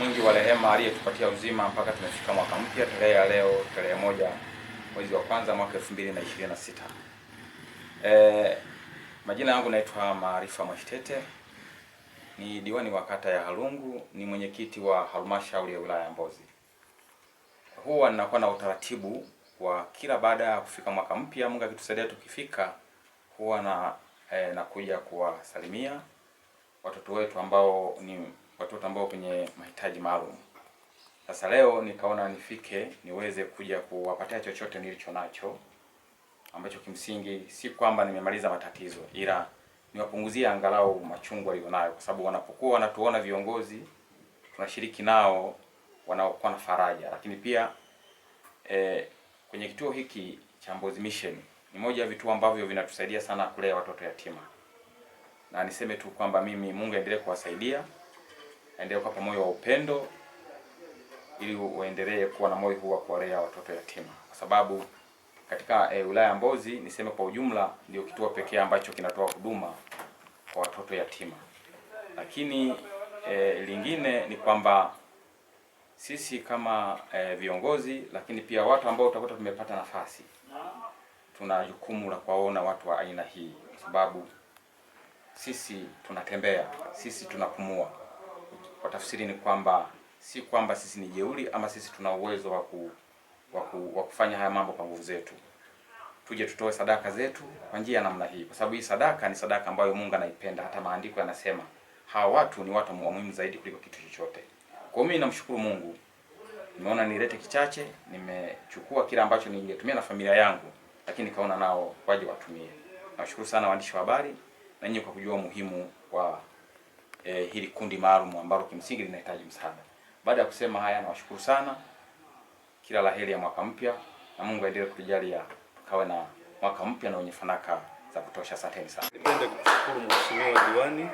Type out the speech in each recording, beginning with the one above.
mwingi wa rehema aliyetupatia uzima mpaka tumefika mwaka mpya, tarehe ya leo tarehe moja mwezi wa kwanza mwaka 2026. Eh, majina yangu naitwa Maarifa Mwashitete ni diwani wa kata ya Halungu, ni mwenyekiti wa halmashauri ya wilaya ya Mbozi. Huwa ninakuwa na utaratibu wa kila baada ya kufika mwaka mpya, Mungu akitusaidia tukifika, huwa na eh, nakuja kuwasalimia watoto wetu ambao ni watoto ambao penye mahitaji maalum. Sasa leo nikaona nifike niweze kuja kuwapatia chochote nilicho nacho ambacho kimsingi si kwamba nimemaliza matatizo, ila niwapunguzie angalau machungu walionayo, kwa sababu wanapokuwa wanatuona viongozi tunashiriki nao, wanaokuwa na faraja. Lakini pia eh, kwenye kituo hiki cha Mbozi Mission ni moja ya vituo ambavyo vinatusaidia sana kulea watoto yatima, na niseme tu kwamba mimi Mungu aendelee kuwasaidia endelea kuwapa moyo wa upendo ili uendelee kuwa na moyo huu wa kuwalea watoto yatima, kwa sababu katika e, wilaya ya Mbozi niseme kwa ujumla ndio kituo pekee ambacho kinatoa huduma kwa watoto yatima. Lakini e, lingine ni kwamba sisi kama e, viongozi lakini pia watu ambao utakuta tumepata nafasi, tuna jukumu la kuwaona watu wa aina hii, kwa sababu sisi tunatembea, sisi tunapumua kwa tafsiri ni kwamba si kwamba sisi ni jeuri ama sisi tuna uwezo wa ku, wa kufanya haya mambo kwa nguvu zetu. Tuje tutoe sadaka zetu kwa njia ya namna hii, kwa sababu hii sadaka ni sadaka ambayo Mungu anaipenda. Hata maandiko yanasema hawa watu ni watu wa muhimu zaidi kuliko kitu chochote. Kwa mimi namshukuru Mungu, nimeona nilete kichache, nimechukua kile ambacho ningetumia na familia yangu, lakini nikaona nao waje watumie. Nashukuru sana waandishi wa habari na nyinyi kwa kujua umuhimu wa eh, hili kundi maalum ambalo kimsingi linahitaji msaada. Baada ya kusema haya, nawashukuru sana, kila la heri ya mwaka mpya, na Mungu aendelee kutujalia tukawe na mwaka mpya na wenye fanaka za kutosha. Asanteni sana. Nipende kushukuru Mheshimiwa Diwani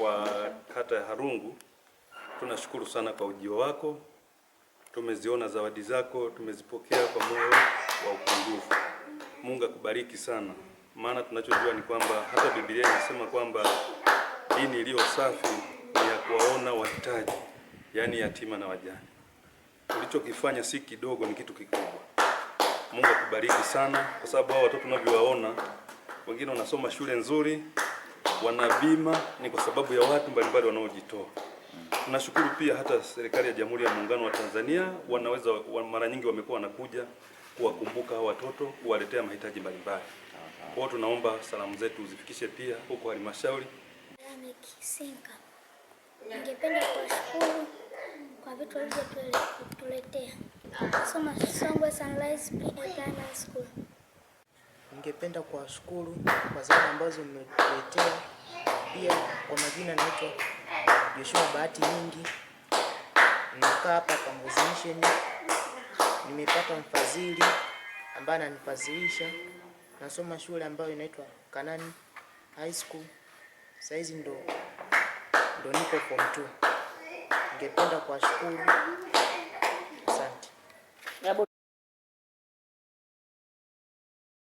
wa kata ya Harungu, tunashukuru sana kwa ujio wako. Tumeziona zawadi zako, tumezipokea kwa moyo wa upungufu. Mungu akubariki sana, maana tunachojua ni kwamba hata Biblia inasema kwamba Dini iliyo safi ni ya kuwaona wahitaji, yaani yatima na wajane. Ulichokifanya si kidogo, ni kitu kikubwa. Mungu akubariki sana, kwa sababu hao watoto tunavyowaona, wengine wanasoma shule nzuri, wana bima, ni kwa sababu ya watu mbalimbali wanaojitoa. Tunashukuru pia hata serikali ya Jamhuri ya Muungano wa Tanzania, wanaweza wa, mara nyingi wamekuwa wanakuja kuwakumbuka hao watoto, kuwaletea mahitaji mbalimbali. Kwa hiyo tunaomba salamu zetu zifikishe pia huko halmashauri amekisenga. Ningependa kuwashukuru kwa vitu walivyotuletea. Soma Songwe Sunrise Pre-Primary School. Ningependa kuwashukuru kwa zawadi ambazo mmetuletea. Pia kwa majina naitwa Joshua Bahati Nyingi, nimekaa hapa Mbozi Mission. Nimepata mfadhili ambaye ananifadhilisha. Nasoma shule ambayo inaitwa Kanani High School. Saizi ndo, ndo niko form two. Ningependa kuwashukuru